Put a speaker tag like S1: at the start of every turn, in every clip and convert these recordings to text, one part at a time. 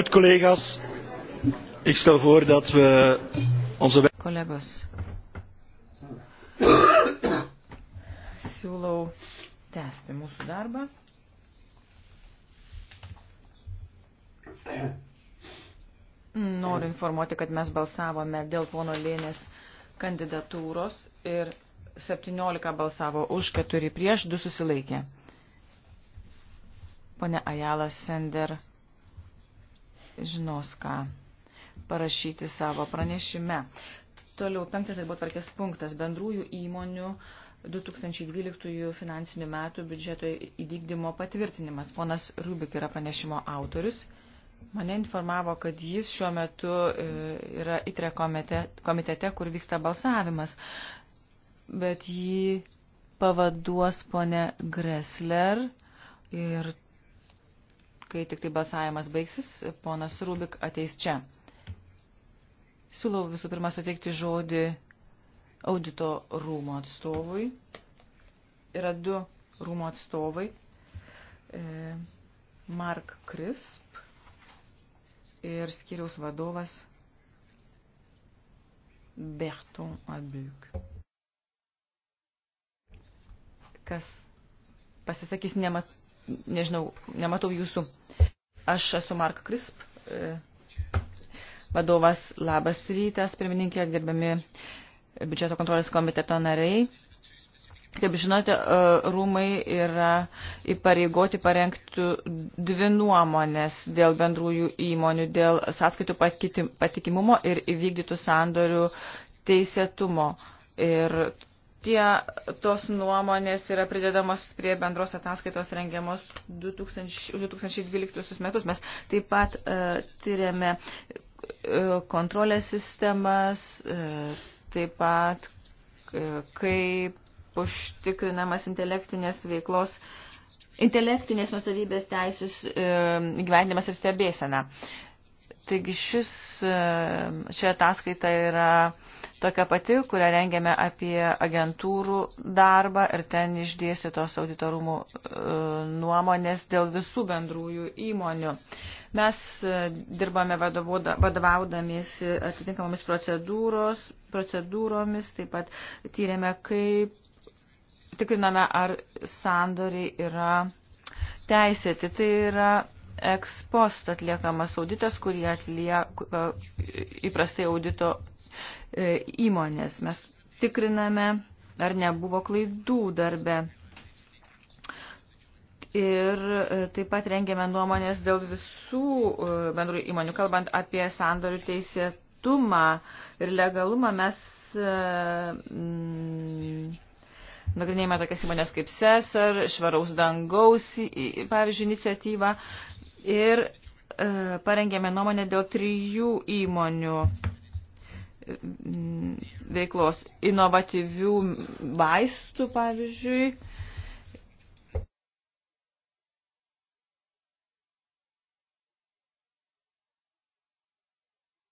S1: Goed, collega's. Ik stel voor dat we onze. Collega's.
S2: Siūlau tęsti mūsų darbą. Noriu informuoti, kad mes balsavome dėl pono Lėnės kandidatūros ir 17 balsavo už, 4 prieš, 2 susilaikė. Pone Ajala Sender žinos, ką parašyti savo pranešime. Toliau, penktas darbo tvarkės punktas - bendrųjų įmonių 2012 finansinių metų biudžeto įvykdymo patvirtinimas. Ponas Rubik yra pranešimo autorius. Mane informavo, kad jis šiuo metu e, yra įtre komitete, kur vyksta balsavimas, bet jį pavaduos ponė Gressler ir kai tik tai balsavimas baigsis, ponas Rubik ateis čia. Siūlau visų pirma suteikti žodį audito rūmo atstovui. Yra du rūmo atstovai. E, Mark Krisp ir skiriaus vadovas Berton Abiuk. Kas pasisakys, nemat, nežinau, nematau jūsų. Aš esu Mark Krisp, e, vadovas Labas rytas, pirmininkė, gerbiami biudžeto kontrolės komiteto nariai. Kaip žinote, e, rūmai yra įpareigoti parengti dvi nuomonės dėl bendrųjų įmonių, dėl sąskaitų patikimumo ir įvykdytų sandorių teisėtumo. Ir tie, tos nuomonės yra pridedamos prie bendros ataskaitos rengiamos 2000, 2012 metus. Mes taip pat uh, e, tyrėme uh, e, kontrolės sistemas, uh, taip pat uh, kaip užtikrinamas intelektinės veiklos, intelektinės nusavybės teisės uh, gyvenimas ir stebėsena. Taigi šis, uh, ši ataskaita yra uh, tokia pati, kurią rengėme apie agentūrų darbą ir ten išdėstytos auditorumų e, nuomonės dėl visų bendrųjų įmonių. Mes e, dirbame vadovaudamiesi atitinkamomis procedūromis, taip pat tyrėme, kaip tikriname, ar sandoriai yra teisėti. Tai yra ekspost atliekamas auditas, kurį atlieka e, įprastai audito E, įmonės. Mes tikriname, ar nebuvo klaidų darbe. Ir e, taip pat rengėme nuomonės dėl visų e, bendrų įmonių. Kalbant apie sandorių teisėtumą ir legalumą, mes mm, nagrinėjame tokias įmonės kaip SESAR, Švaraus dangaus, pavyzdžiui, iniciatyvą. Ir e, parengėme nuomonę dėl trijų įmonių veiklos inovatyvių vaistų, pavyzdžiui.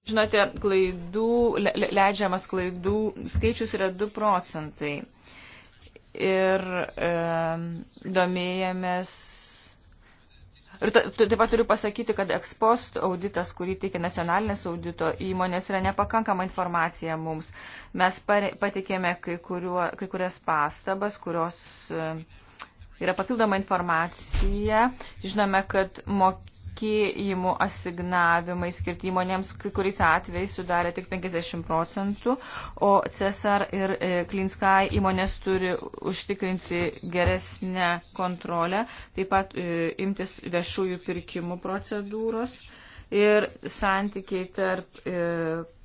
S2: Žinote, klaidų, leidžiamas klaidų skaičius yra 2 procentai. Ir e, domėjomės Ir taip pat turiu pasakyti, kad ekspost auditas, kurį teikia nacionalinės audito įmonės, yra nepakankama informacija mums. Mes patikėme kai, kuriuo, kai kurias pastabas, kurios e, yra papildoma informacija. Žinome, kad mokė mokėjimų asignavimai skirti įmonėms, kai kuriais atvejais sudarė tik 50 procentų, o Cesar ir e, Clean Sky įmonės turi užtikrinti geresnę kontrolę, taip pat e, imtis viešųjų pirkimų procedūros. Ir santykiai tarp e,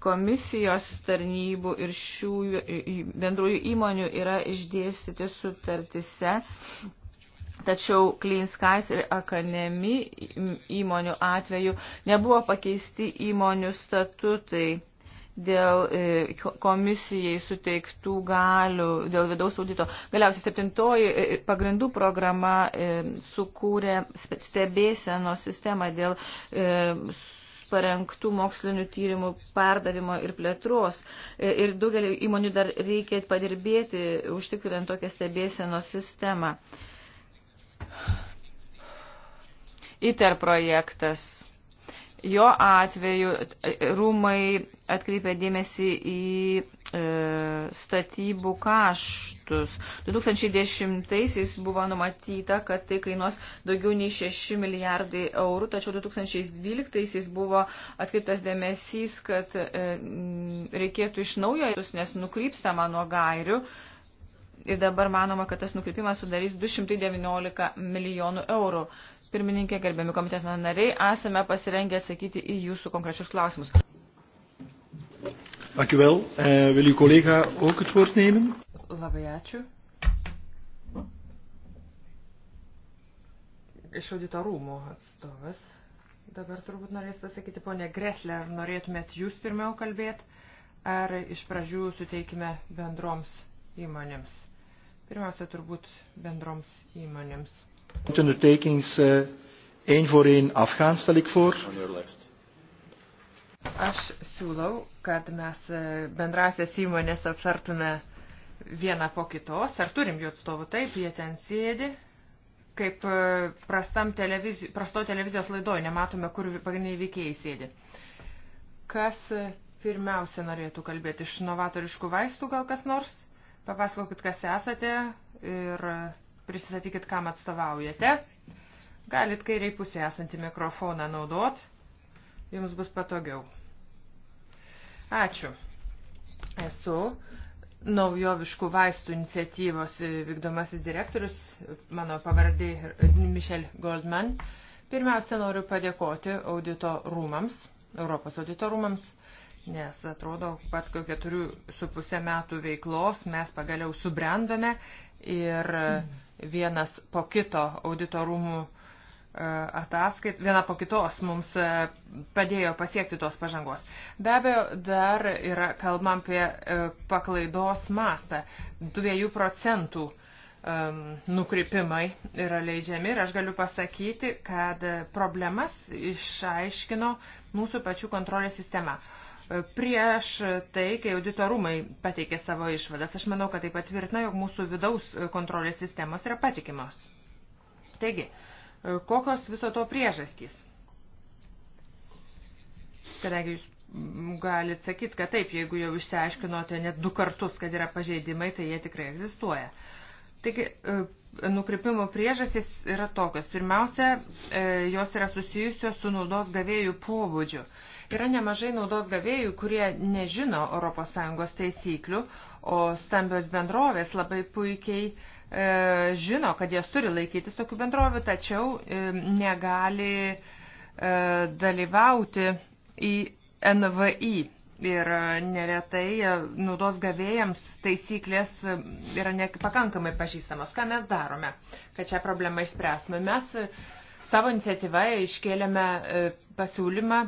S2: komisijos tarnybų ir šių bendrųjų įmonių yra išdėstyti sutartise Tačiau Clean Skies ir Akademi įmonių atveju nebuvo pakeisti įmonių statutai dėl e, komisijai suteiktų galių, dėl vidaus audito. Galiausiai septintoji e, pagrindų programa e, sukūrė stebėsenos sistemą dėl parengtų mokslinių tyrimų perdavimo ir plėtros. Ir daugelį įmonių dar reikia padirbėti, užtikrinant tokią stebėsenos sistemą. E, ITER projektas. Jo atveju e, rūmai atkreipė dėmesį į e, statybų kaštus. 2010-aisiais buvo numatyta, kad tai kainuos daugiau nei 6 milijardai eurų, tačiau 2012-aisiais buvo atkreiptas dėmesys, kad e, reikėtų iš naujo, nes nukrypstama nuo gairių. E, ir dabar manoma, kad tas nukrypimas sudarys 219 milijonų eurų. Pirmininkė, gerbiami komiteto nariai, esame pasirengę atsakyti į jūsų konkrečius klausimus.
S1: Dank u wel. Uh, wil uw collega ook het woord nemen?
S3: Labai ačiū. Iš audito rūmų atstovas. Dabar turbūt norės pasakyti, ponė Greslė, ar norėtumėt jūs pirmiau kalbėti, ar iš pradžių suteikime bendroms įmonėms. Pirmiausia, turbūt bendroms įmonėms.
S1: Ondertekens eh, één voor één afgaan, stel ik voor.
S3: Aš siūlau, kad mes eh, bendrasias įmonės aptartume vieną po kitos. Ar turim jų atstovų? Taip, jie ten sėdi. Kaip eh, televizi... prasto televizijos laidoje nematome, kur pagrindiniai veikėjai sėdi. Kas pirmiausia norėtų kalbėti? Iš novatoriškų vaistų gal kas nors? Papasakokit, kas esate ir prisistatykit, kam atstovaujate. Galit kairiai pusėje esantį mikrofoną naudot, jums bus patogiau. Ačiū. Esu naujoviškų vaistų iniciatyvos vykdomasis direktorius, mano pavardė Michel Goldman. Pirmiausia, noriu padėkoti audito rūmams, Europos audito rūmams nes atrodo, pat ko keturių su pusę metų veiklos mes pagaliau subrendome ir vienas po kito auditorumų e, ataskait, viena po kitos mums e, padėjo pasiekti tos pažangos. Be abejo, dar yra kalbam apie e, paklaidos mastą. 2 procentų nukrypimai yra leidžiami ir aš galiu pasakyti, kad problemas išaiškino mūsų pačių kontrolės sistema prieš tai, kai auditorumai pateikė savo išvadas. Aš manau, kad tai patvirtina, jog mūsų vidaus kontrolės sistemos yra patikimos. Taigi, kokios viso to priežastys? Kadangi jūs galit sakyti, kad taip, jeigu jau išsiaiškinote net du kartus, kad yra pažeidimai, tai jie tikrai egzistuoja. Uh, Taigi, e, nukreipimo priežastys yra tokios. Pirmiausia, e, jos yra susijusios su naudos gavėjų pobūdžiu. Yra nemažai naudos gavėjų, kurie nežino ES taisyklių, o stambios bendrovės labai puikiai e, žino, kad jas turi laikytis tokių bendrovių, tačiau negali dalyvauti į NVI Ir e, neretai e, naudos gavėjams taisyklės e, yra nepakankamai pažįstamos. Ką mes darome, kad šią problemą išspręstume? Mes savo iniciatyvą iškėlėme pasiūlymą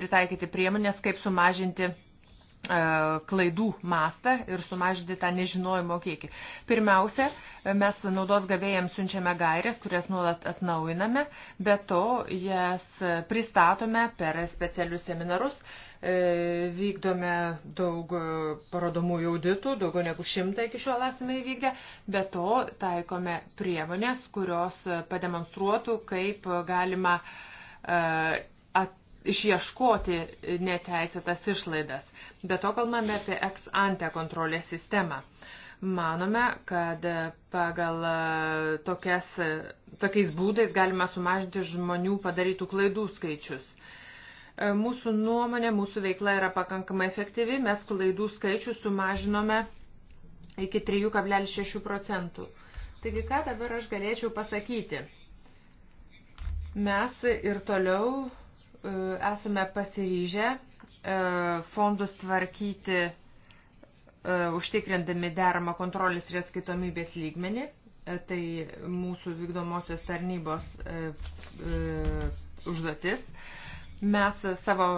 S3: pritaikyti priemonės, kaip sumažinti E, klaidų mastą ir sumažinti tą nežinojimo kiekį. Pirmiausia, mes naudos gavėjams siunčiame gairės, kurias nuolat atnaujiname, bet to jas pristatome per specialius seminarus, e, vykdome daug parodomųjų auditų, daugiau negu šimtą iki šiol esame įvykdę, bet to taikome priemonės, kurios pademonstruotų, kaip galima e, išieškoti neteisėtas išlaidas. Be to kalbame apie ex ante kontrolės sistemą. Manome, kad pagal e, tokias, tokiais būdais galime sumažinti žmonių padarytų klaidų skaičius. E, mūsų nuomonė, mūsų veikla yra pakankamai efektyvi, mes klaidų skaičių sumažinome iki 3,6 procentų. Taigi, ką dabar aš galėčiau pasakyti? Mes ir toliau E, esame pasiryžę e, fondus tvarkyti e, užtikrindami deramą kontrolės ir atskaitomybės lygmenį. Tai mūsų vykdomosios tarnybos užduotis. Mes savo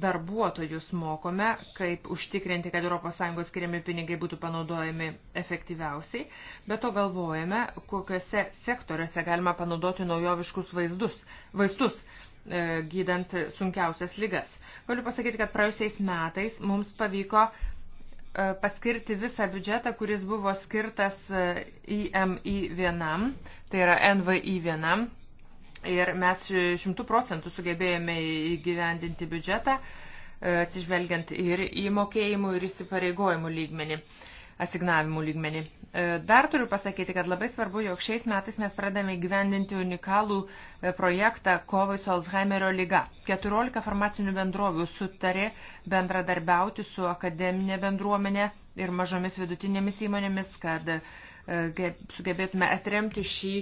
S3: darbuotojus mokome, kaip užtikrinti, kad ES skiriami pinigai būtų panaudojami efektyviausiai, bet to galvojame, kokiuose sektoriuose galima panaudoti naujoviškus vaizdus, vaistus. E, gydant sunkiausias lygas. Galiu pasakyti, kad praėjusiais metais mums pavyko e, paskirti visą biudžetą, kuris buvo skirtas IMI e, vienam, tai yra NVI vienam. Ir mes šimtų procentų sugebėjome įgyvendinti biudžetą, atsižvelgiant ir į mokėjimų, ir įsipareigojimų lygmenį asignavimų lygmenį. E, dar turiu pasakyti, kad labai svarbu, jog šiais metais mes pradame gyvendinti unikalų e, projektą kovai su Alzheimerio lyga. 14 farmacinių bendrovių sutarė bendradarbiauti su akademinė bendruomenė ir mažomis vidutinėmis įmonėmis, kad e, sugebėtume atremti šį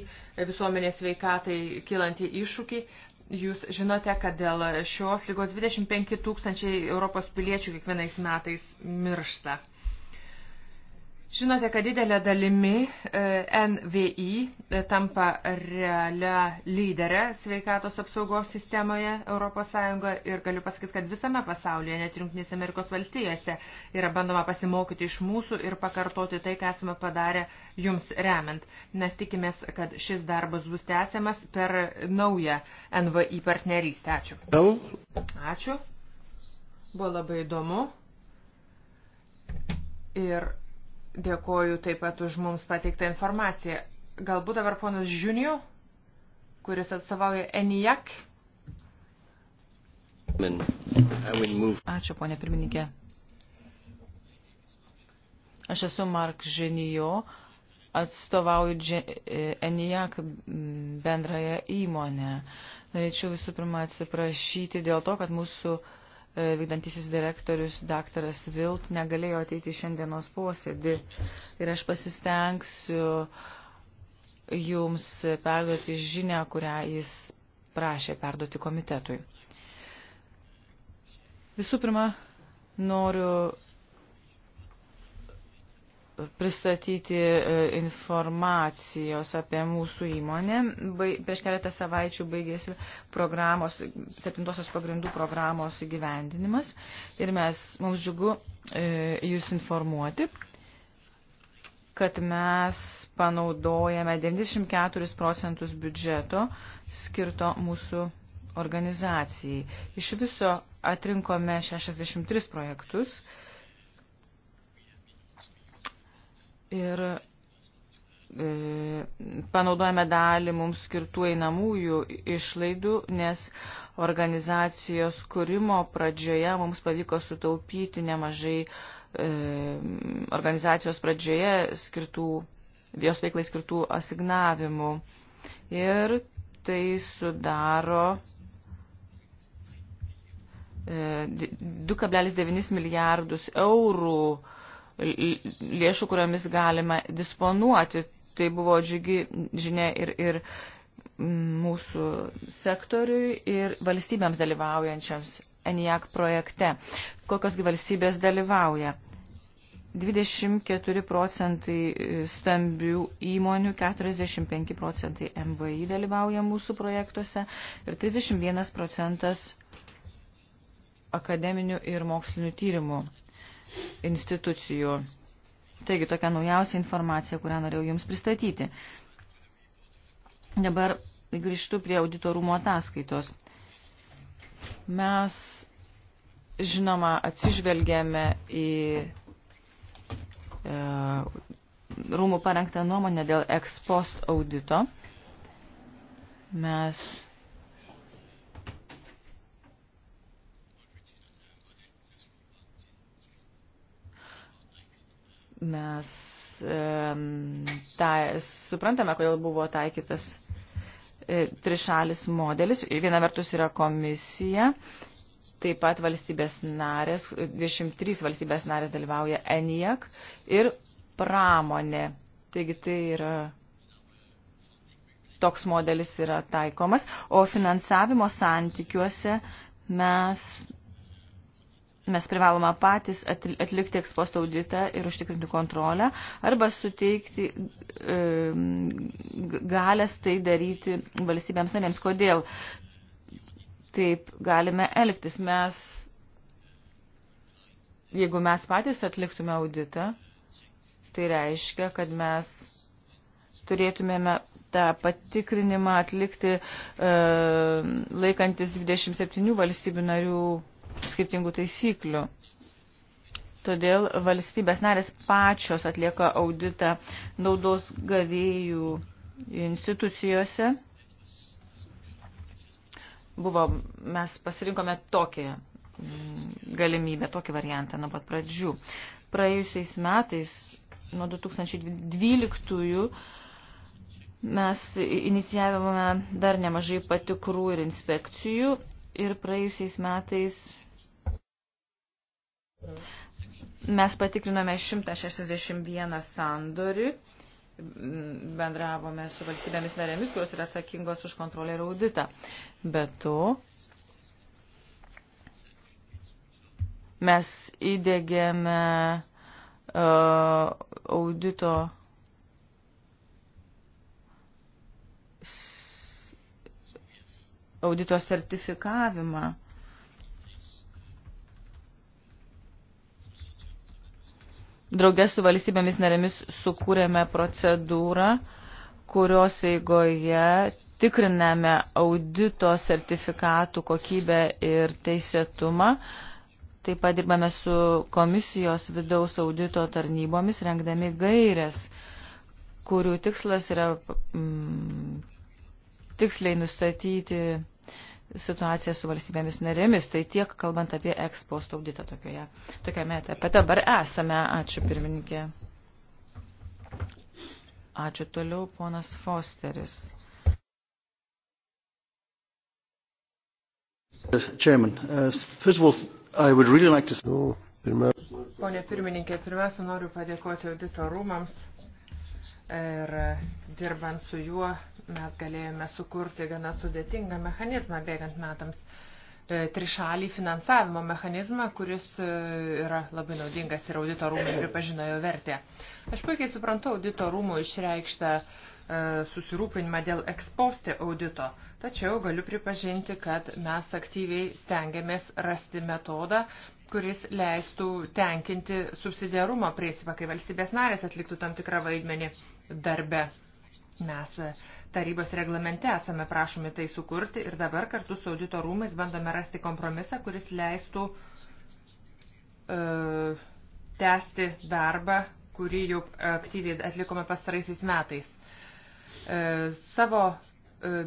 S3: visuomenės veikatai kilantį iššūkį. Jūs žinote, kad dėl šios lygos 25 tūkstančiai Europos piliečių kiekvienais metais miršta. Žinote, kad didelė dalimi e, NVI e, tampa realia lyderė sveikatos apsaugos sistemoje ES ir galiu pasakyti, kad visame pasaulyje, net Junktinėse Amerikos valstijose, yra bandoma pasimokyti iš mūsų ir pakartoti tai, ką esame padarę jums remiant. Mes tikimės, kad šis darbas bus tęsiamas per naują NVI partnerystę. Ačiū. Ačiū. Buvo labai įdomu. Ir Dėkoju taip pat už mums pateiktą informaciją. Galbūt dabar ponas Žiniu, kuris atstovauja ENIAC. Ačiū,
S2: ponė pirmininkė. Aš esu Mark Žinijo, atstovauju e, ENIAC bendrąją įmonę. Norėčiau visų pirma atsiprašyti dėl to, kad mūsų uh, E, vykdantisis direktorius daktaras Vilt negalėjo ateiti šiandienos posėdį. Ir aš pasistengsiu jums perduoti žinę, kurią jis prašė perduoti komitetui. Visų pirma, noriu pristatyti e, informacijos apie mūsų įmonę. Prieš keletą savaičių baigėsi programos, septintosios pagrindų programos įgyvendinimas ir mes, mums džiugu e, jūs informuoti, kad mes panaudojame 94 procentus biudžeto skirto mūsų organizacijai. Iš viso atrinkome 63 projektus ir e, panaudojame dalį mums skirtų einamųjų išlaidų, nes organizacijos kūrimo pradžioje mums pavyko sutaupyti nemažai e, organizacijos pradžioje skirtų, jos veiklai skirtų asignavimų. Ir tai sudaro 2,9 e, milijardus eurų lėšų, kuriomis galima disponuoti. Tai buvo džiugi žinia ir, ir mūsų sektoriui ir valstybėms dalyvaujančiams ENIAC projekte. Kokios valstybės dalyvauja? 24 procentai stambių įmonių, 45 procentai MVI dalyvauja mūsų projektuose ir 31 procentas akademinių ir mokslinių tyrimų institucijų. Taigi tokia naujausia informacija, kurią norėjau Jums pristatyti. Dabar grįžtu prie auditorumo ataskaitos. Mes, žinoma, atsižvelgėme į e, rūmų parengtą nuomonę dėl ekspost audito. Mes Mes ta, suprantame, kodėl buvo taikytas e, trišalis modelis. Viena vertus yra komisija, taip pat valstybės narės, 23 valstybės narės dalyvauja ENIAC ir pramonė. Taigi tai yra toks modelis yra taikomas, o finansavimo santykiuose mes mes privalome patys atlikti eksposto auditą ir užtikrinti kontrolę arba suteikti e, galės tai daryti valstybėms narėms. Kodėl taip galime elgtis? Mes, jeigu mes patys atliktume auditą, tai reiškia, kad mes turėtumėme tą patikrinimą atlikti e, laikantis 27 valstybių narių skirtingų taisyklių. Todėl valstybės narės pačios atlieka auditą naudos gavėjų institucijose. Buvo, mes pasirinkome tokią mm, galimybę, tokį variantą nuo pat pradžių. Praėjusiais metais, nuo 2012 mes inicijavome dar nemažai patikrų ir inspekcijų ir praėjusiais metais Mes patikrinome 161 sandorį, bendravome su valstybėmis narėmis, kurios yra atsakingos už kontrolę ir auditą. Be to, mes įdėgėme uh, audito audito sertifikavimą. Draugės su valstybėmis narėmis sukūrėme procedūrą, kurios eigoje tikriname audito sertifikatų kokybę ir teisėtumą. Taip pat dirbame su komisijos vidaus audito tarnybomis, rengdami gairės, kurių tikslas yra mm, tiksliai nustatyti situaciją su valstybėmis narėmis. Tai tiek kalbant apie ekspost auditą tokioje, tokiame etape. Dabar esame. Ačiū pirmininkė. Ačiū toliau, ponas Fosteris.
S1: Uh, chairman, uh, first of all, I would really like to... No, nu, pirmiausia.
S3: Pone pirmininkė, pirmiausia noriu padėkoti auditorumams ir uh, dirbant su juo Mes galėjome sukurti gana sudėtingą mechanizmą bėgant metams e, trišalį finansavimo mechanizmą, kuris e, yra labai naudingas ir audito rūmai pripažino jo vertę. Aš puikiai suprantu audito rūmų išreikštą e, susirūpinimą dėl ekspostė audito, tačiau galiu pripažinti, kad mes aktyviai stengiamės rasti metodą, kuris leistų tenkinti subsidiarumo principą, kai valstybės narės atliktų tam tikrą vaidmenį darbe Mes e, tarybos reglamente esame prašomi tai sukurti ir dabar kartu su audito rūmais bandome rasti kompromisą, kuris leistų uh, tęsti darbą, kurį jau aktyviai atlikome pastaraisiais metais. Uh, savo uh,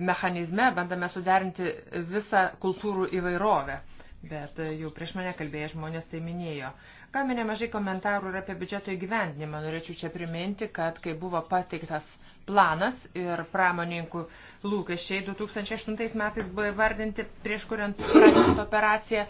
S3: mechanizme bandame suderinti visą kultūrų įvairovę, bet uh, jau prieš mane kalbėję žmonės tai minėjo. Gavome nemažai komentarų ir apie biudžeto įgyvendinimą. Norėčiau čia priminti, kad kai buvo pateiktas planas ir pramoninkų lūkesčiai 2008 metais buvo įvardinti prieš kuriant operaciją,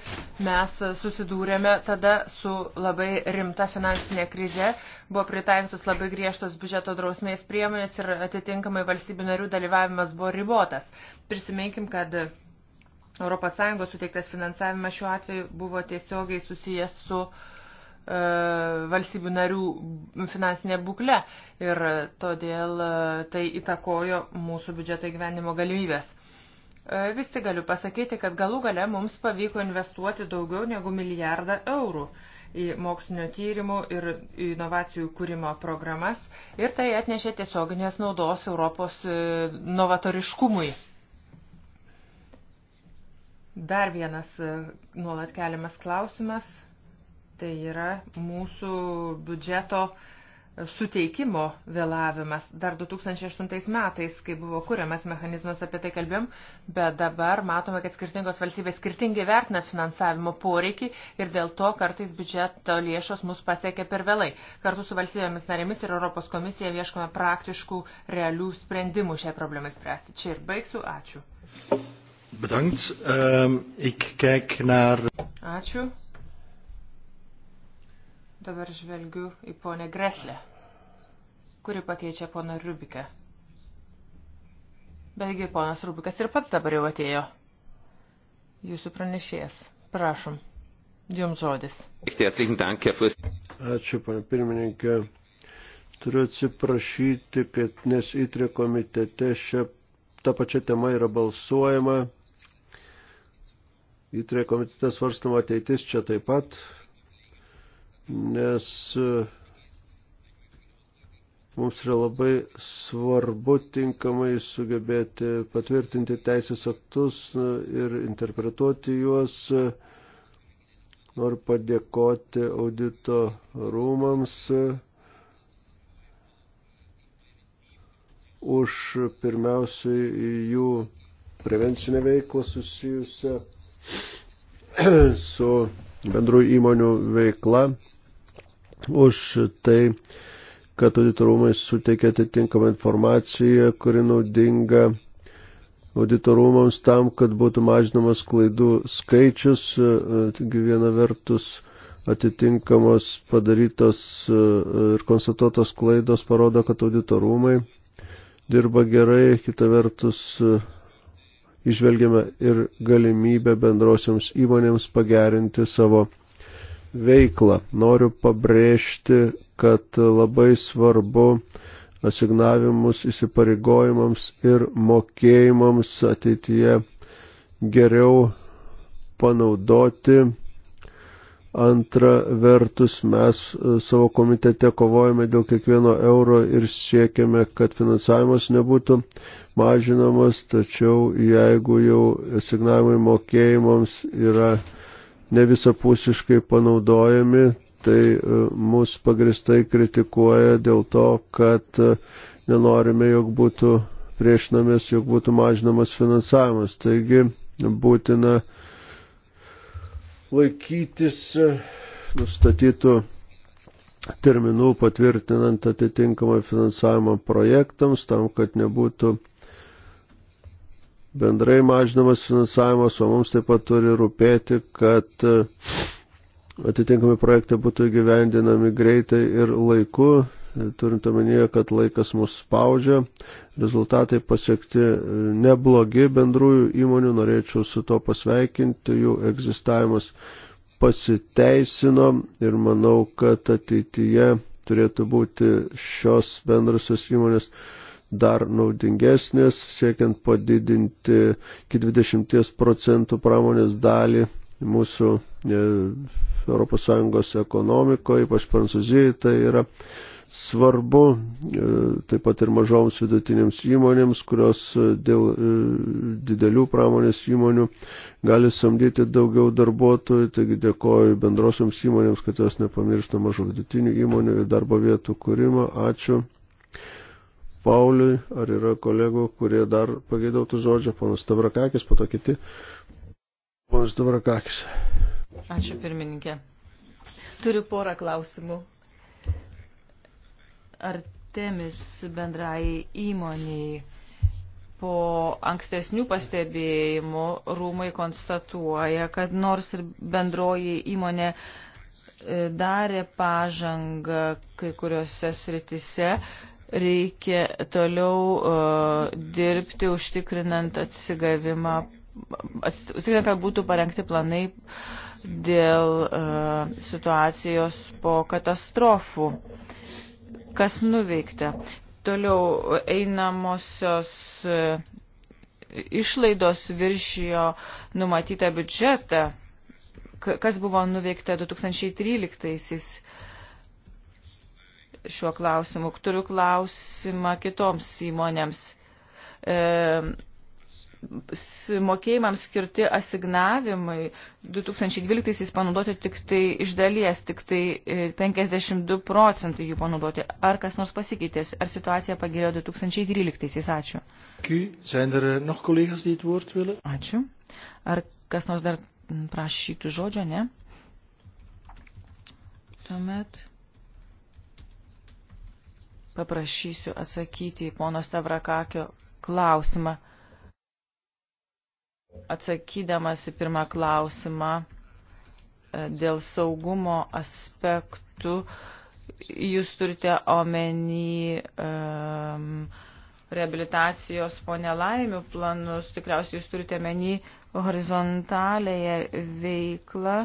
S3: mes susidūrėme tada su labai rimta finansinė krize, buvo pritaikytos labai griežtos biudžeto drausmės priemonės ir atitinkamai valstybių narių dalyvavimas buvo ribotas. Prisiminkim, kad ES suteiktas finansavimas šiuo atveju buvo tiesiogiai susijęs su uh, E, valstybių narių finansinė būklė ir todėl e, tai įtakojo mūsų biudžeto gyvenimo galimybės. E, vis tik galiu pasakyti, kad galų gale mums pavyko investuoti daugiau negu milijardą eurų į mokslinio tyrimų ir inovacijų kūrimo programas ir tai atnešė tiesioginės naudos Europos novatoriškumui. Dar vienas nuolat keliamas klausimas Tai yra mūsų biudžeto suteikimo vėlavimas. Dar 2008 metais, kai buvo kuriamas mechanizmas, apie tai kalbėjom, bet dabar matome, kad skirtingos valstybės skirtingai vertina finansavimo poreikį ir dėl to kartais biudžeto lėšos mus pasiekia per vėlai. Kartu su valstybėmis narėmis ir Europos komisija ieškome praktiškų, realių sprendimų šiai problemai spręsti. Čia ir baigsiu. Ačiū.
S1: Bedankt. Um, ik kijk naar...
S3: Ačiū. Dabar žvelgiu į ponę Greslę, kuri pakeičia poną Rubiką. Betgi ponas Rubikas ir pats dabar jau atėjo. Jūsų pranešėjas. Prašom. Jums žodis. Ačiū,
S1: pan pirmininkė. Turiu atsiprašyti, kad nes įtrė komitete šią tą pačią temą yra balsuojama. Įtrė komitete svarstama ateitis čia taip pat nes e, mums yra labai svarbu tinkamai sugebėti patvirtinti teisės aktus e, ir interpretuoti juos. E, noriu padėkoti audito rūmams už pirmiausiai jų prevencinę veiklą susijusią su bendrų įmonių veikla už tai, kad auditorumai suteikia atitinkamą informaciją, kuri naudinga auditorumams tam, kad būtų mažinamas klaidų skaičius. Taigi viena vertus atitinkamos padarytos ir konstatuotos klaidos parodo, kad auditorumai dirba gerai, kita vertus išvelgiame ir galimybę bendrosiams įmonėms pagerinti savo veiklą. Noriu pabrėžti, kad labai svarbu asignavimus įsipareigojimams ir mokėjimams ateityje geriau panaudoti. Antra vertus, mes savo komitete kovojame dėl kiekvieno euro ir siekiame, kad finansavimas nebūtų mažinamas, tačiau jeigu jau asignavimai mokėjimams yra ne visapusiškai panaudojami, tai e, mus pagristai kritikuoja dėl to, kad e, nenorime, jog būtų priešinamės, jog būtų mažinamas finansavimas. Taigi būtina laikytis e, nustatytų terminų patvirtinant atitinkamą finansavimą projektams, tam, kad nebūtų bendrai mažinamas finansavimas, o mums taip pat turi rūpėti, kad e, atitinkami projektai būtų gyvendinami greitai ir laiku, turint omenyje, kad laikas mus spaudžia, rezultatai pasiekti e, neblogi bendrųjų įmonių, norėčiau su to pasveikinti, jų egzistavimas pasiteisino ir manau, kad ateityje turėtų būti šios bendrasios įmonės dar naudingesnės, siekiant padidinti iki 20 procentų pramonės dalį mūsų ES ekonomikoje, ypač Prancūzijai, tai yra svarbu e, taip pat ir mažoms vidutinėms įmonėms, kurios e, dėl e, didelių pramonės įmonių gali samdyti daugiau darbuotojų. Taigi dėkoju bendrosioms įmonėms, kad jos nepamiršta mažų vidutinių įmonių ir darbo vietų kūrimo. Ačiū. Pauliui, ar yra kolegų, kurie dar pageidautų žodžio, ponas Tavrakakis, po to kiti. Ponas Tavrakakis.
S2: Ačiū pirmininkė. Turiu porą klausimų. Ar temis bendrai įmoniai po ankstesnių pastebėjimų rūmai konstatuoja, kad nors ir bendroji įmonė e, darė pažangą kai kuriuose sritise, reikia toliau uh, dirbti, užtikrinant atsigavimą, užtikrinant, kad būtų parengti planai dėl uh, situacijos po katastrofų. Kas nuveikta? Toliau einamosios uh, išlaidos viršijo numatytą biudžetą. Kas buvo nuveikta 2013? -aisiais? šiuo klausimu. Turiu klausimą kitoms įmonėms. E, mokėjimams skirti asignavimai 2012-aisiais panaudoti tik tai iš dalies, tik tai 52 e, procentai jų panaudoti. Ar kas nors pasikeitė, ar situacija pagerėjo 2013-aisiais? Ačiū.
S1: Er, eh,
S2: Ačiū. Ar kas nors dar mm, prašytų žodžio, ne? Tuomet paprašysiu atsakyti į pono Stavrakakio klausimą. Atsakydamas į pirmą klausimą e, dėl saugumo aspektų, jūs turite omeny um, e, reabilitacijos po nelaimių planus, tikriausiai jūs turite omeny horizontalėje veiklą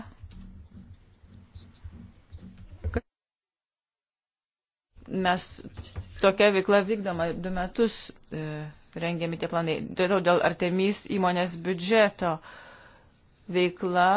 S2: mes tokia veikla vykdoma du metus e, rengiami tie planai. Todėl dėl Artemis įmonės biudžeto veikla,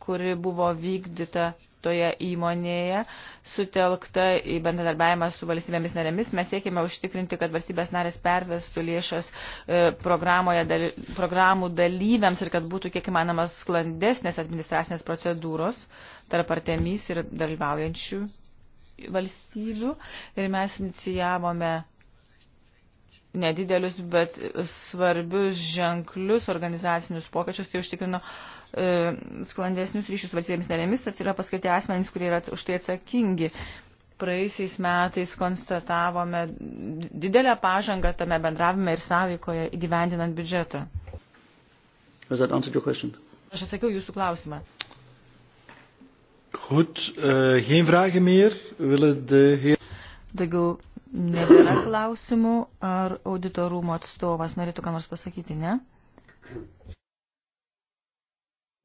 S2: kuri buvo vykdyta toje įmonėje, sutelkta į bendradarbiavimą su valstybėmis narėmis. Mes siekime užtikrinti, kad valstybės narės pervestų lėšas e, daly, programų dalyviams ir kad būtų kiek įmanomas sklandesnės administracinės procedūros tarp Artemis ir dalyvaujančių valstybių ir mes inicijavome nedidelius, bet svarbius ženklius organizacinius pokyčius, tai užtikrino e, sklandesnius ryšius valstybėms narėmis, tad yra paskirti asmenys, kurie yra už tai atsakingi. Praėjusiais metais konstatavome didelę pažangą tame bendravime ir sąveikoje įgyvendinant biudžetą.
S1: Aš
S2: atsakiau jūsų klausimą.
S1: Goed, uh, geen vragen meer. Willen de heer... Daugiau nebėra
S2: klausimų. Ar auditorumo atstovas norėtų ką nors pasakyti, ne?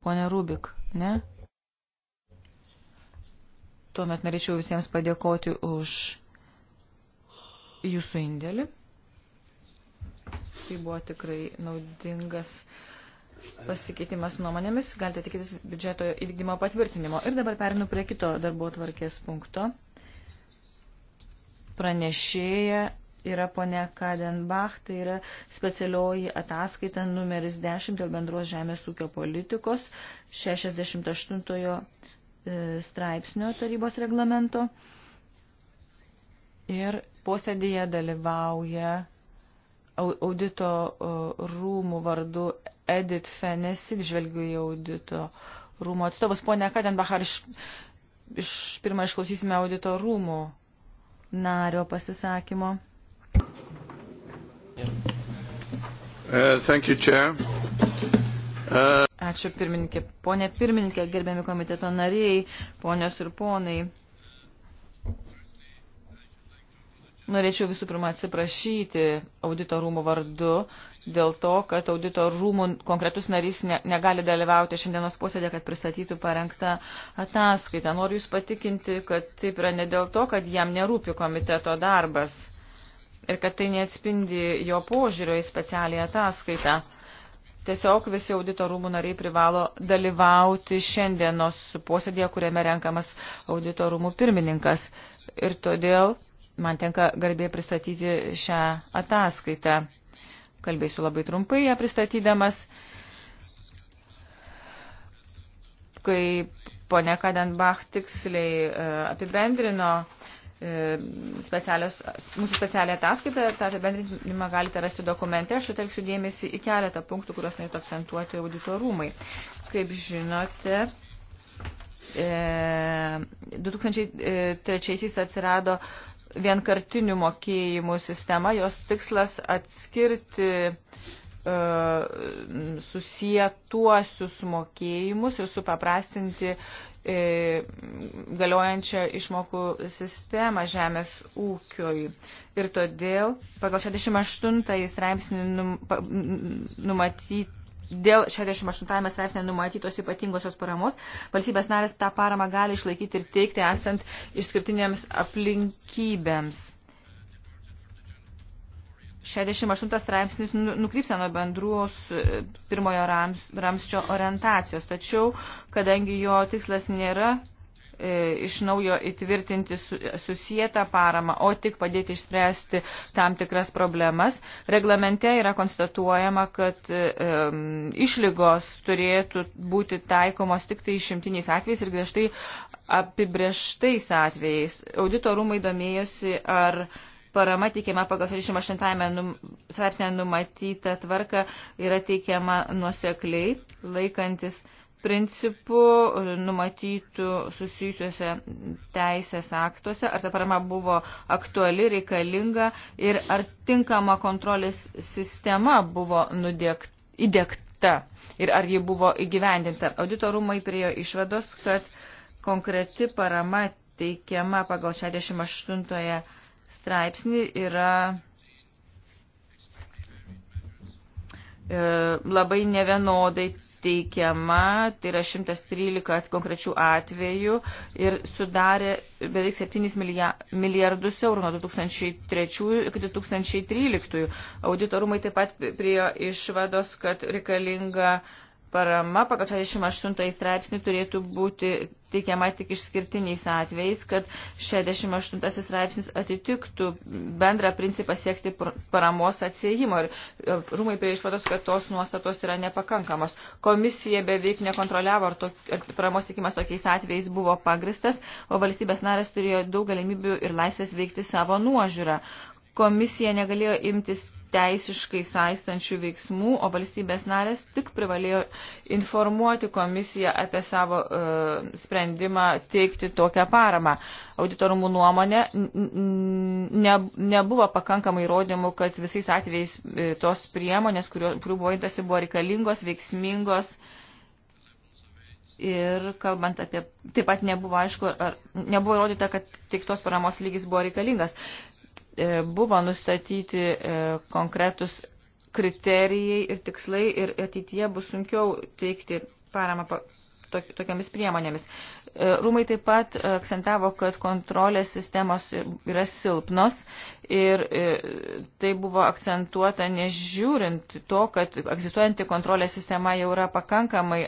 S2: Pone Rubik, ne? Tuomet norėčiau visiems padėkoti už jūsų indėlį. Tai buvo tikrai naudingas pasikeitimas nuomonėmis, galite tikėtis biudžeto įvykdymo patvirtinimo. Ir dabar perinu prie kito darbo tvarkės punkto. Pranešėja yra ponia Kadenbach, tai yra specialioji ataskaita numeris 10 dėl bendros žemės ūkio politikos 68 e, straipsnio tarybos reglamento. Ir posėdėje dalyvauja audito rūmų vardu Edith Fenesil, žvelgiu į audito rūmų atstovus. Pone Kadenbach, ar iš, iš pirmą išklausysime audito rūmų nario pasisakymo?
S1: Uh, thank you, Chair. Uh...
S2: Ačiū pirmininkė. Pone pirmininkė, gerbiami komiteto nariai, ponios ir ponai. Norėčiau visų pirma atsiprašyti audito rūmų vardu dėl to, kad audito rūmų konkretus narys ne, negali dalyvauti šiandienos posėdė, kad pristatytų parengtą ataskaitą. Noriu Jūs patikinti, kad taip yra ne dėl to, kad jam nerūpi komiteto darbas ir kad tai neatspindi jo požiūrio į specialią ataskaitą. Tiesiog visi audito rūmų nariai privalo dalyvauti šiandienos posėdėje, kuriame renkamas audito rūmų pirmininkas. Ir todėl Man tenka garbė pristatyti šią ataskaitą. Kalbėsiu labai trumpai ją pristatydamas. Kai ponia Kadenbach tiksliai e, apibendrino e, specialios, mūsų specialią ataskaitą, tą apibendrinimą galite rasti dokumente. Aš sutelksiu dėmesį į keletą punktų, kuriuos norėtų akcentuoti auditorumai. Kaip žinote, 2003 e, atsirado vienkartinių mokėjimų sistema, jos tikslas atskirti e, susietuosius mokėjimus ir supaprastinti e, galiojančią išmokų sistemą žemės ūkioj. Ir todėl pagal 68 straipsnį numatyti dėl 68 straipsnė numatytos ypatingosios paramos, valstybės narės tą paramą gali išlaikyti ir teikti esant išskirtinėms aplinkybėms. 68 straipsnis nu, nukrypsta nuo bendrus e, pirmojo rams, ramsčio orientacijos, tačiau kadangi jo tikslas nėra E, iš naujo įtvirtinti susijęta paramą, o tik padėti išspręsti tam tikras problemas. Reglamente yra konstatuojama, kad e, e, išlygos turėtų būti taikomos tik tai išimtiniais atvejais ir griežtai apibrieštais atvejais. Audito rūmai domėjosi, ar parama teikiama pagal 68 num, straipsnę numatytą tvarką yra teikiama nuosekliai, laikantis principų e, numatytų susijusiuose teisės aktuose, ar ta parama buvo aktuali, reikalinga ir ar tinkama kontrolės sistema buvo nudėkt, įdėkta ir ar ji buvo įgyvendinta. Auditorumai priejo išvados, kad konkreti parama teikiama pagal 68 straipsnį yra e, labai nevienodai teikiama, tai yra 113 konkrečių atvejų ir sudarė beveik 7 milijardus eurų nuo 2003 iki 2013. Auditorumai taip pat priejo išvados, kad reikalinga uh, parama pagal 68 straipsnį turėtų būti teikiama tik išskirtiniais atvejais, kad 68 straipsnis atitiktų bendrą principą siekti paramos atsiejimo. Ir e, rūmai prie išvados, kad tos nuostatos yra nepakankamos. Komisija beveik nekontroliavo, ar, tok, ar paramos teikimas tokiais atvejais buvo pagristas, o valstybės narės turėjo daug galimybių ir laisvės veikti savo nuožiūrą komisija negalėjo imtis teisiškai saistančių veiksmų, o valstybės narės tik privalėjo informuoti komisiją apie savo uh, sprendimą teikti tokią paramą. Auditorumų nuomonė ne, nebuvo pakankamai įrodymų, kad visais atvejais e, tos priemonės, kurių, kurių buvo imtasi, buvo reikalingos, veiksmingos. Ir kalbant apie, taip pat nebuvo aišku, ar, nebuvo įrodyta, kad tik tos paramos lygis buvo reikalingas. E, buvo nustatyti e, konkretus kriterijai ir tikslai ir ateityje bus sunkiau teikti paramą tokiamis priemonėmis. E, rūmai taip pat akcentavo, kad kontrolės sistemos yra silpnos ir e, tai buvo akcentuota nežiūrint to, kad egzistuojanti kontrolės sistema jau yra pakankamai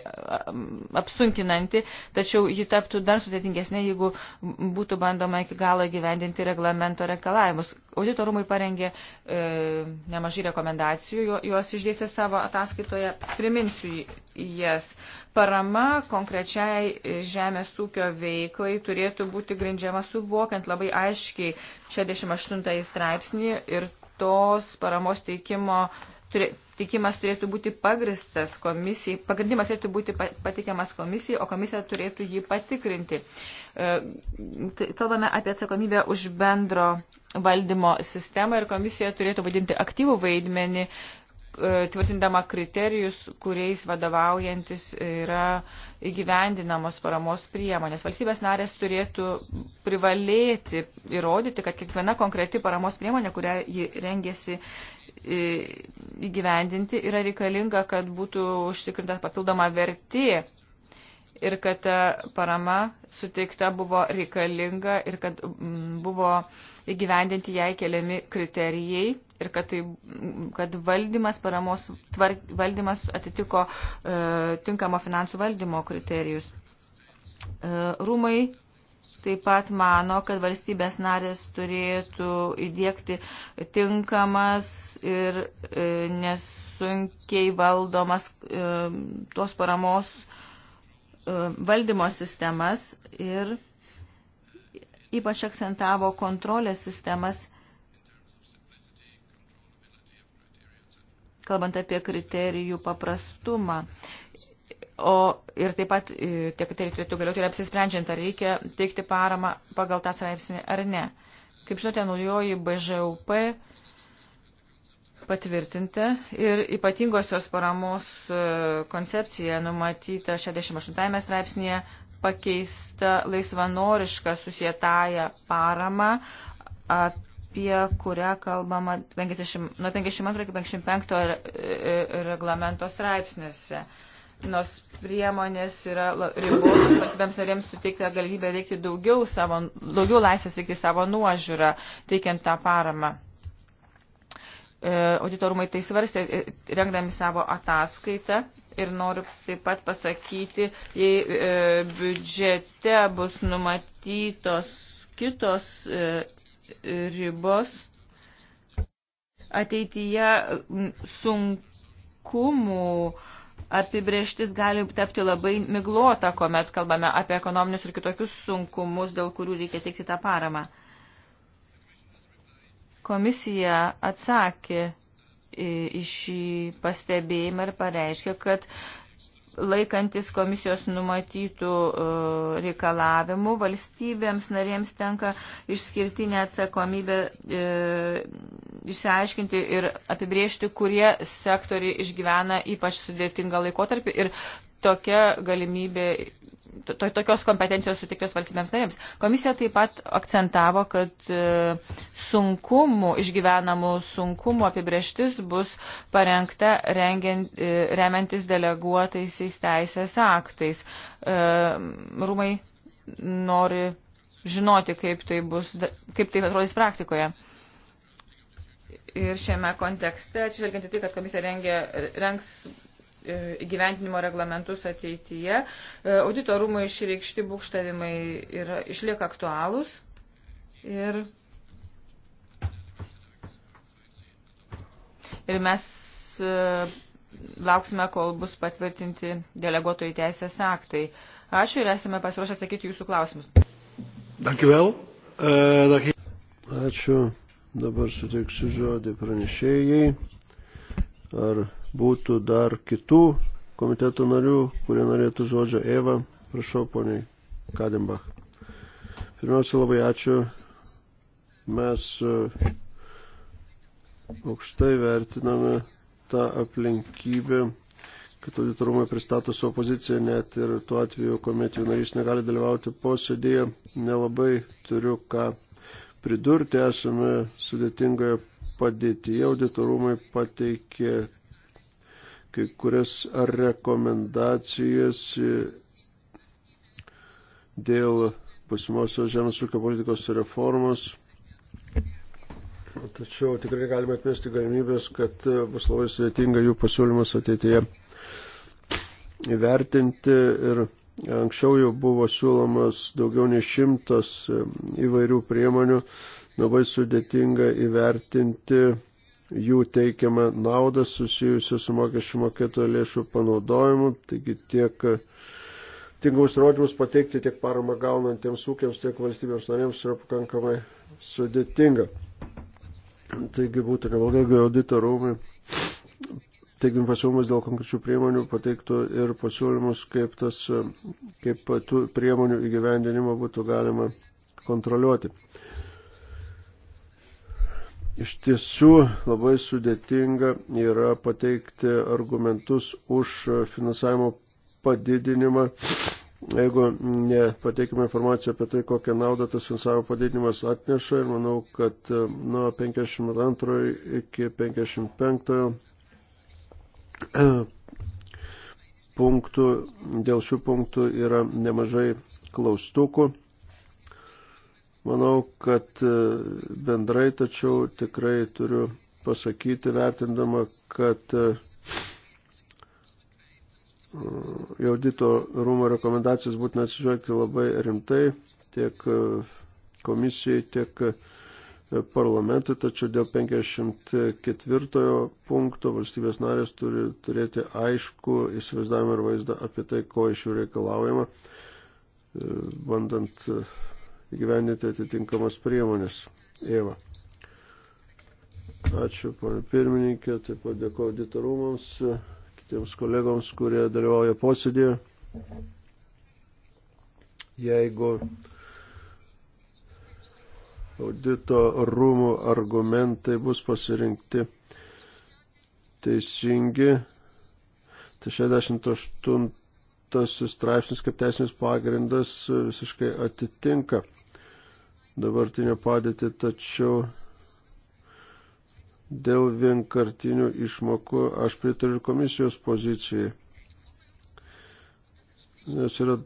S2: apsunkinanti, tačiau ji taptų dar sudėtingesnė, jeigu būtų bandoma iki galo gyvendinti reglamento reikalavimus. Auditorumai parengė e, nemažai rekomendacijų, juos išdėsė savo ataskaitoje, priminsiu jį jas. Parama konkrečiai žemės ūkio veiklai turėtų būti grindžiama suvokiant labai aiškiai 68 straipsnį ir tos paramos teikimo teikimas turėtų būti pagristas komisijai, pagrindimas turėtų būti patikiamas komisijai, o komisija turėtų jį patikrinti. E, kalbame apie atsakomybę už bendro valdymo sistemą ir komisija turėtų vadinti aktyvų vaidmenį E, tvirtindama kriterijus, kuriais vadovaujantis yra įgyvendinamos paramos priemonės. Valstybės narės turėtų privalėti įrodyti, kad kiekviena konkreti paramos priemonė, kurią ji rengėsi įgyvendinti, yra reikalinga, kad būtų užtikrinta papildoma vertė ir kad parama suteikta buvo reikalinga ir kad buvo įgyvendinti jai keliami kriterijai ir kad, tai, kad valdymas, paramos tvar, valdymas atitiko e, tinkamo finansų valdymo kriterijus. E, rūmai taip pat mano, kad valstybės narės turėtų įdėkti tinkamas ir e, nesunkiai valdomas e, tos paramos e, valdymo sistemas ir ypač akcentavo kontrolės sistemas kalbant apie kriterijų paprastumą. O ir taip pat e, tie kriterijai turėtų galioti ir apsisprendžiant, ar reikia teikti paramą pagal tą straipsnį ar ne. Kaip žinote, naujoji BŽUP patvirtinti ir ypatingosios paramos e, koncepcija numatyta 68 straipsnėje pakeista laisvanorišką susietąją paramą apie kurią kalbama 50, nuo 52 iki 55 e, e, reglamento straipsniuose. Nors priemonės yra ribotos, valstybėms narėms suteikta galimybė veikti daugiau, savo, daugiau laisvės veikti savo nuožiūrą, teikiant tą paramą e, auditorumai tai svarstė, rengdami savo ataskaitą. Ir noriu taip pat pasakyti, jei biudžete bus numatytos kitos ribos. Ateityje sunkumų apibrieštis gali tapti labai miglota, kuomet kalbame apie ekonominius ir kitokius sunkumus, dėl kurių reikia teikti tą paramą. Komisija atsakė į šį pastebėjimą ir pareiškė, kad laikantis komisijos numatytų e, reikalavimų, valstybėms narėms tenka išskirtinę atsakomybę e, išsiaiškinti ir apibriežti, kurie sektoriai išgyvena ypač sudėtingą laikotarpį ir tokia galimybė to, tokios kompetencijos sutiktos valstybėms narėms. Komisija taip pat akcentavo, kad e, sunkumų, išgyvenamų sunkumų apibrieštis bus parengta rengiant, e, remiantis deleguotaisiais teisės aktais. E, rūmai nori žinoti, kaip tai, bus, kaip tai atrodys praktikoje. Ir šiame kontekste, atsižvelgiant į tai, kad komisija rengia, rengs E, gyventinimo reglamentus ateityje. E, Auditorumai išreikšti būkštavimai yra, išlieka aktualūs. Ir, ir mes e, lauksime, kol bus patvirtinti deleguotojų teisės aktai. Ačiū ir esame pasiruošę atsakyti jūsų klausimus.
S1: Dankjewel. Uh, dank... Ačiū. Dabar suteiksiu žodį pranešėjai. Ar būtų dar kitų komiteto narių, kurie norėtų žodžio Eva. Prašau, poniai Kadimbach. Pirmiausia, labai ačiū. Mes e, aukštai vertiname tą aplinkybę, kad auditorumai pristato savo poziciją net ir tuo atveju, kuomet jų narys negali dalyvauti posėdėje, nelabai turiu ką pridurti, esame sudėtingoje padėtyje, auditorumai pateikė kai kurias rekomendacijas dėl pasimosios žemės ūkio politikos reformos. Tačiau tikrai galime atmesti galimybės, kad bus labai sudėtinga jų pasiūlymas ateityje įvertinti ir Anksčiau jau buvo siūlomas daugiau nei šimtas įvairių priemonių, labai sudėtinga įvertinti jų teikiamą naudą susijusią su mokesčių mokėtojo lėšų panaudojimu. Taigi tiek tinkamus nurodymus pateikti tiek paramą gaunantiems ūkiams, tiek valstybėms narėms yra pakankamai sudėtinga. Taigi būtų neblogai, jeigu audito rūmai, teikdami pasiūlymus dėl konkrečių priemonių, pateiktų ir pasiūlymus, kaip, tas, kaip tų priemonių įgyvendinimą būtų galima kontroliuoti. Iš tiesų labai sudėtinga yra pateikti argumentus už finansavimo padidinimą, jeigu nepateikime informaciją apie tai, kokią naudą tas finansavimo padidinimas atneša. Ir manau, kad e, nuo 52 iki 55 punktų, dėl šių punktų yra nemažai klaustukų. Manau, kad e, bendrai tačiau tikrai turiu pasakyti, vertindama, kad jaudito e, rūmo rekomendacijas būtina atsižvelgti labai rimtai tiek e, komisijai, tiek parlamentui, tačiau dėl 54 punkto valstybės narės turi turėti aišku įsivaizdavimą ir vaizdą apie tai, ko iš jų reikalaujama, bandant įgyvendinti atitinkamas priemonės. Eva. Ačiū, ponė pirmininkė, taip pat dėkoju auditorumams, kitiems kolegoms, kurie dalyvauja posėdėje. Jeigu audito rūmų argumentai bus pasirinkti teisingi, tai 68 straipsnis kaip teisinis pagrindas visiškai atitinka dabartinę padėtį, tačiau dėl vienkartinių išmokų aš pritariu komisijos pozicijai, nes yra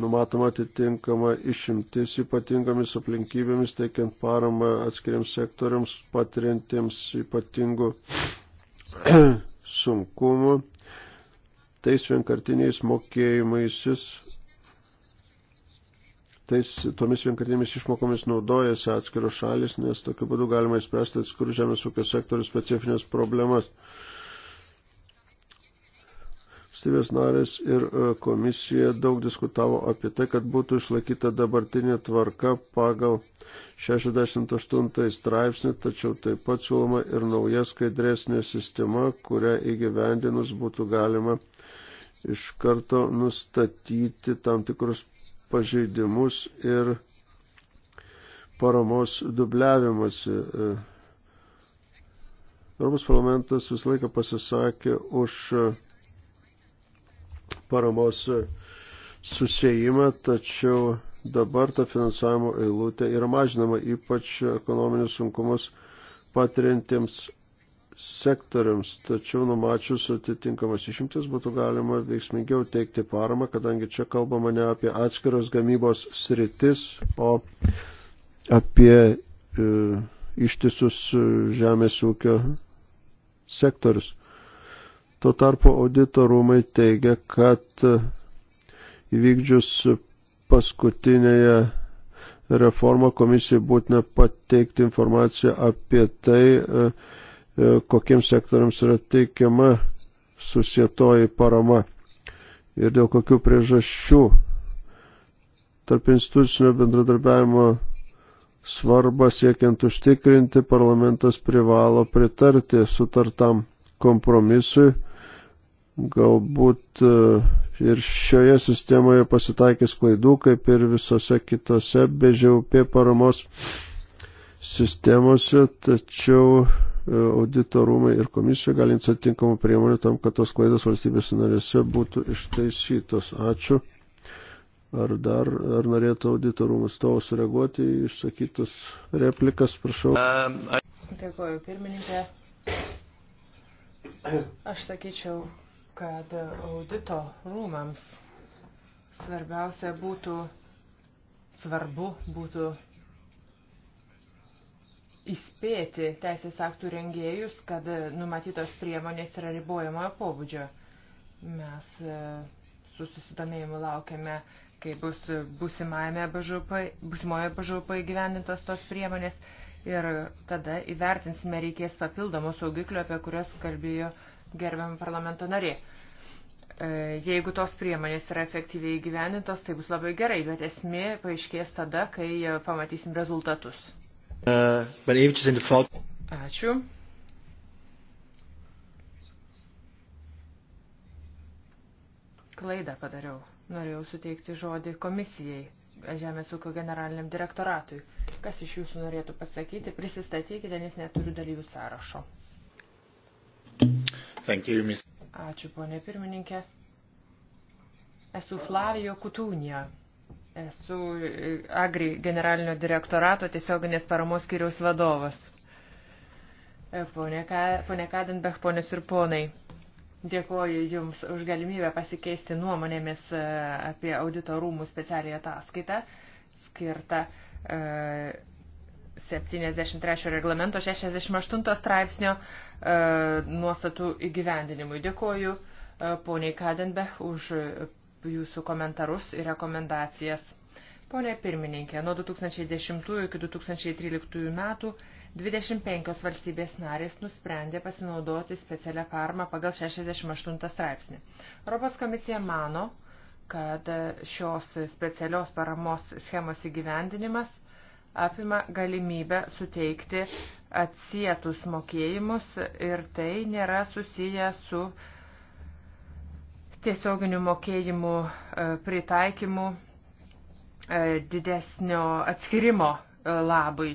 S1: numatoma atitinkama išimtis ypatingomis aplinkybėmis, teikiant paramą atskiriams sektoriams patiriantiems ypatingų sunkumų. Tais vienkartiniais mokėjimaisis tais, tomis vienkartinėmis išmokomis naudojasi atskiros šalis, nes tokiu būdu galima įspręsti atskirų žemės ūkio sektorių specifines problemas. Valstybės narės ir e, komisija daug diskutavo apie tai, kad būtų išlaikyta dabartinė tvarka pagal 68 straipsnį, tačiau taip pat siūloma ir nauja skaidresnė sistema, kurią įgyvendinus būtų galima iš karto nustatyti tam tikrus pažeidimus ir paramos dubliavimasi. E, Europos parlamentas visą laiką pasisakė už paramos susijimą, tačiau dabar ta finansavimo eilutė yra mažinama ypač ekonominius sunkumus patiriantiems sektoriams, tačiau numačius atitinkamas išimtis būtų galima veiksmingiau teikti paramą, kadangi čia kalbama ne apie atskiros gamybos sritis, o apie e, ištisus e, žemės ūkio sektorius. Tuo tarpu audito rūmai teigia, kad e, įvykdžius paskutinėje reformą komisijai būtina pateikti informaciją apie tai, e, E, kokiems sektoriams yra teikiama susietoji parama ir dėl kokių priežasčių tarp institucinio bendradarbiavimo svarbą siekiant užtikrinti, parlamentas privalo pritarti sutartam kompromisui. Galbūt e, ir šioje sistemoje pasitaikys klaidų, kaip ir visose kitose bežiaupė paramos sistemose, tačiau E, auditorumai ir komisija gali imtis atitinkamų priemonių tam, kad tos klaidos valstybės narėse būtų ištaisytos. Ačiū. Ar dar ar norėtų auditorumų atstovų sureaguoti į išsakytus replikas, prašau.
S3: Dėkuoju, pirmininkė. Aš sakyčiau, kad audito rūmams svarbiausia būtų, svarbu būtų įspėti teisės aktų rengėjus, kad numatytos priemonės yra ribojamojo pobūdžio. Mes e, su susidomėjimu laukiame, kai bus būsimoje pažaupai gyvenintos tos priemonės ir tada įvertinsime reikės papildomų saugiklių, apie kurias kalbėjo gerbiam parlamento narė. E, jeigu tos priemonės yra efektyviai gyvenintos, tai bus labai gerai, bet esmė paaiškės tada, kai e, pamatysim rezultatus. Eh, Ačiū. Klaidą padariau. Norėjau suteikti žodį komisijai, Žemės ūkio generaliniam direktoratui. Kas iš jūsų norėtų pasakyti, prisistatykite, nes neturiu dalyvių sąrašo. Thank you, Ačiū, ponė pirmininkė. Esu Flavio Kutūnija. Esu e, Agri generalinio direktorato tiesioginės paramos skyriaus vadovas. E, pone, pone Kadenbech, ponės ir ponai, dėkoju Jums už galimybę pasikeisti nuomonėmis e, apie audito rūmų specialiai ataskaitą skirtą 73 reglamento 68 straipsnio nuostatų įgyvendinimui. Dėkoju poniai Kadenbech už jūsų komentarus ir rekomendacijas. Pone pirmininkė, nuo 2010 iki 2013 metų 25 valstybės narės nusprendė pasinaudoti specialią parmą pagal 68 straipsnį. Europos komisija mano, kad šios specialios paramos schemos įgyvendinimas apima galimybę suteikti atsietus mokėjimus ir tai nėra susiję su uh, tiesioginių mokėjimų e, pritaikymų e, didesnio atskirimo e, labui.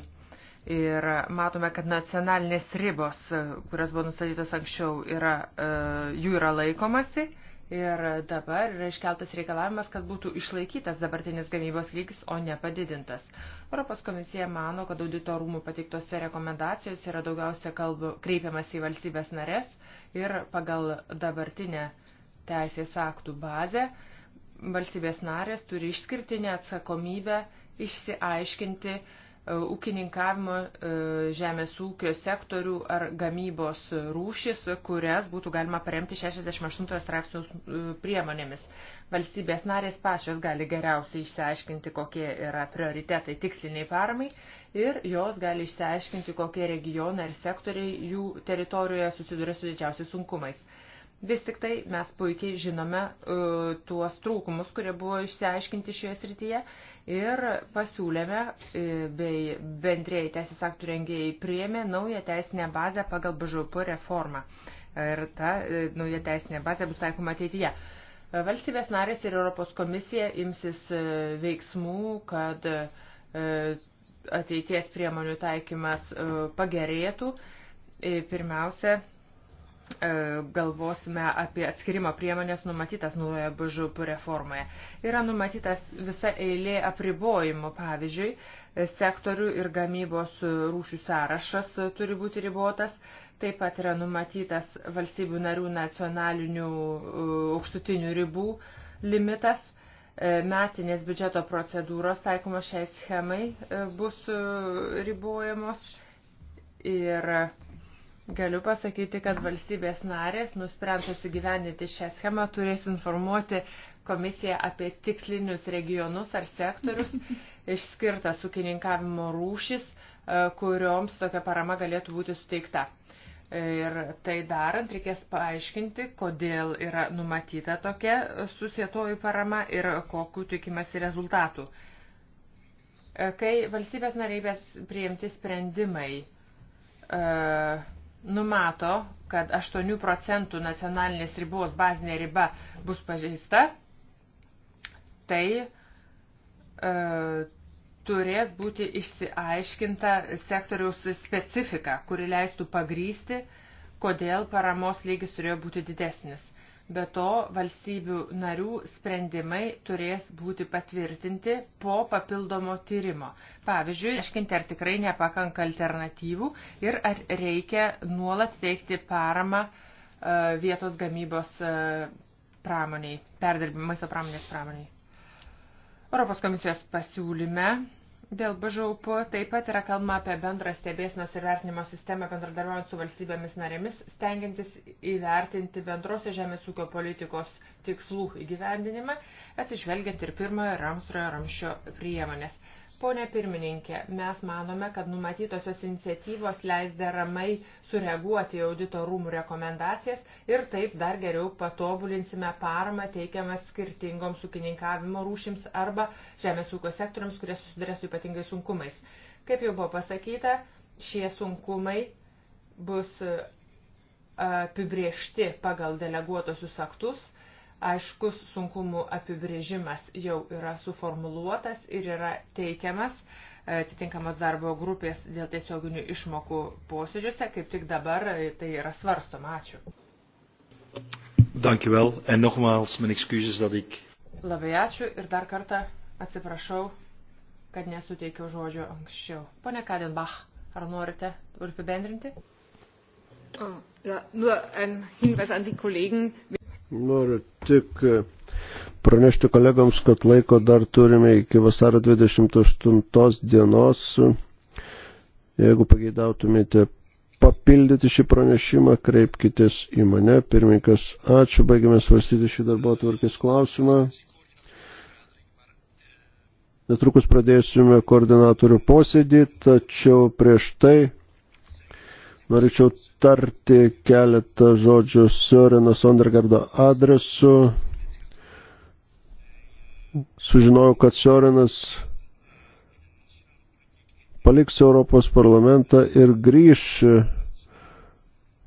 S3: Ir matome, kad nacionalinės ribos, kurios buvo nustatytos anksčiau, yra, jų yra laikomasi. Ir dabar yra iškeltas reikalavimas, kad būtų išlaikytas dabartinis gamybos lygis, o ne padidintas. Europos komisija mano, kad audito rūmų pateiktose rekomendacijose yra daugiausia kalbų kreipiamas į valstybės narės ir pagal dabartinę teisės aktų bazę, valstybės narės turi išskirtinę atsakomybę išsiaiškinti e, ūkininkavimo e, žemės ūkio sektorių ar gamybos rūšis, kurias būtų galima paremti 68 straipsnių e, priemonėmis. Valstybės narės pačios gali geriausiai išsiaiškinti, kokie yra prioritetai tiksliniai paramai ir jos gali išsiaiškinti, kokie regionai ir sektoriai jų teritorijoje susiduria su didžiausiais sunkumais. Vis tik tai mes puikiai žinome uh, tuos trūkumus, kurie buvo išsiaiškinti šioje srityje ir pasiūlėme, uh, bei bendrėjai teisės aktų rengėjai priėmė naują teisinę bazę pagal BŽP reformą. Ir ta uh, nauja teisinė bazė bus taikoma ateityje. Valstybės narės ir Europos komisija imsis uh, veiksmų, kad uh, ateities priemonių taikymas uh, pagerėtų. Uh, pirmiausia, uh, E, galvosime apie atskirimo priemonės numatytas naujoje BŽP reformoje. Yra numatytas visa eilė apribojimų, pavyzdžiui, sektorių ir gamybos rūšių sąrašas turi būti ribotas, taip pat yra numatytas valstybių narių nacionalinių e, aukštutinių ribų limitas, e, metinės biudžeto procedūros taikomos šiai schemai bus ribojamos ir Galiu pasakyti, kad valstybės narės, nusprendusi gyveninti šią schemą, turės informuoti komisiją apie tikslinius regionus ar sektorius, išskirtas ūkininkavimo rūšis, e, kurioms tokia parama galėtų būti suteikta. E, ir tai darant reikės paaiškinti, kodėl yra numatyta tokia susietoji parama ir kokiu tikimasi rezultatų. E, kai valstybės narybės priimti sprendimai, uh, numato, kad 8 procentų nacionalinės ribos bazinė riba bus pažeista, tai e, turės būti išsiaiškinta sektoriaus specifika, kuri leistų pagrysti, kodėl paramos lygis turėjo būti didesnis. Be to, valstybių narių sprendimai turės būti patvirtinti po papildomo tyrimo. Pavyzdžiui, aiškinti, ar tikrai nepakanka alternatyvų ir ar reikia nuolat teikti paramą e, vietos gamybos e, pramoniai, perdirbimo maisto pramonės pramoniai. Europos komisijos pasiūlyme Dėl BŽUP taip pat yra kalbama apie bendrą stebėsinos ir vertinimo sistemą bendradarbiaujant su valstybėmis narėmis, stengiantis įvertinti bendrosios žemės ūkio politikos tikslų įgyvendinimą, atsižvelgiant ir pirmojo ramstrojo ramščio priemonės. Pone pirmininkė, mes manome, kad numatytosios iniciatyvos leis deramai sureaguoti į audito rūmų rekomendacijas ir taip dar geriau patobulinsime paramą teikiamas skirtingoms ūkininkavimo rūšims arba žemės ūkio sektoriams, kurie susiduria su ypatingai sunkumais. Kaip jau buvo pasakyta, šie sunkumai bus apibriešti pagal deleguotosius aktus aiškus sunkumų apibrėžimas jau yra suformuluotas ir yra teikiamas e, atitinkamos darbo grupės dėl tiesioginių išmokų posėdžiuose, kaip tik dabar e, tai yra svarstoma. Ačiū. Dank u wel en nogmaals mijn excuses dat ik. Labai ačiū ir dar kartą atsiprašau, kad nesuteikiau žodžio anksčiau. Pone Kadenbach, ar norite apibendrinti? Oh, ja, nur ein Hinweis an die Kollegen.
S1: Noriu tik pranešti kolegams, kad laiko dar turime iki vasaro 28 dienos. Jeigu pageidautumėte papildyti šį pranešimą, kreipkitės į mane. Pirmininkas, ačiū, baigėme svarstyti šį darbo atvarkės klausimą. Netrukus pradėsime koordinatorių posėdį, tačiau prieš tai Norėčiau tarti keletą žodžių Söreno Sondergardo adresu. Sužinojau, kad Sörenas paliks Europos parlamentą ir grįš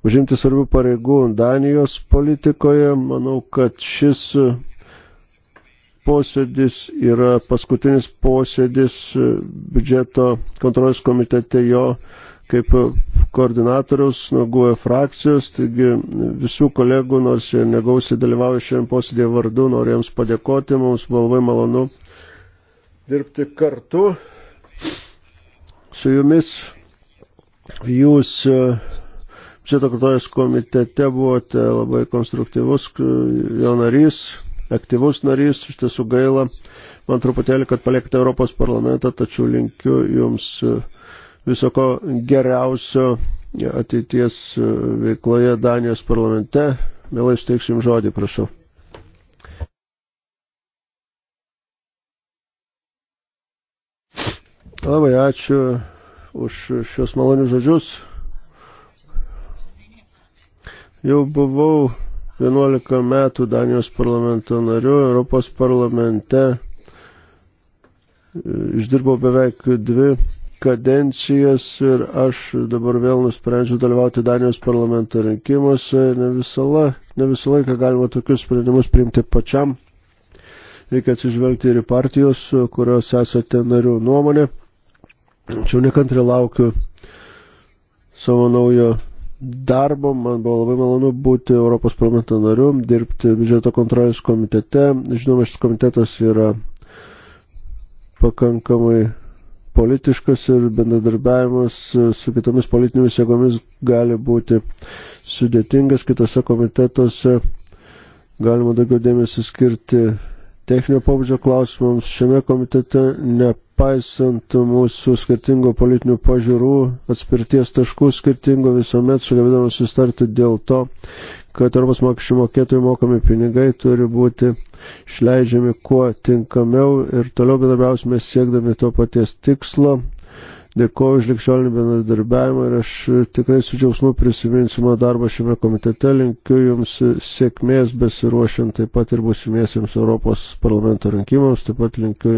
S1: užimti svarbių pareigų Danijos politikoje. Manau, kad šis posėdis yra paskutinis posėdis biudžeto kontrolės komitete jo kaip koordinatoriaus nuoguoja e frakcijos, taigi visų kolegų, nors jie negausiai dalyvauja šiandien posėdėje vardu, noriu jiems padėkoti, mums buvo labai malonu dirbti kartu su jumis. Jūs Šito e, kartojas komitete buvote labai konstruktyvus, jo narys, aktyvus narys, iš tiesų gaila. Man truputėlį, kad palikite Europos parlamentą, tačiau linkiu jums uh, visoko geriausio ateities veikloje Danijos parlamente. Mielai steiksim žodį, prašau. Labai ačiū už šios malonius žodžius. Jau buvau 11 metų Danijos parlamento nariu, Europos parlamente. Išdirbau beveik dvi kadencijas ir aš dabar vėl nusprendžiu dalyvauti Danijos parlamento rinkimuose. Ne visą, la, ne visą laiką galima tokius sprendimus priimti pačiam. Reikia atsižvelgti ir į partijos, kurios esate narių nuomonė. Čia nekantri laukiu savo naujo darbo. Man buvo labai malonu būti Europos parlamento nariu, dirbti biudžeto kontrolės komitete. Žinoma, šis komitetas yra pakankamai politiškas ir bendradarbiavimas e, su kitomis politinėmis jėgomis gali būti sudėtingas kitose komitetuose. Galima daugiau dėmesio skirti techninio pobūdžio klausimams šiame komitete, nepaisant mūsų skirtingo politinių pažiūrų, atspirties taškų skirtingo visuomet sugebėdama sustarti dėl to, kad Europos mokesčių mokėtojų mokami pinigai turi būti išleidžiami kuo tinkamiau ir toliau bendrabiausime siekdami to paties tikslo, Dėkuoju už likščiolinį bendradarbiavimą ir aš tikrai su džiausmu prisiminsiu mano darbą šiame komitete. Linkiu Jums sėkmės besiruošiant taip pat ir busimiesiems Europos parlamento rinkimams, taip pat linkiu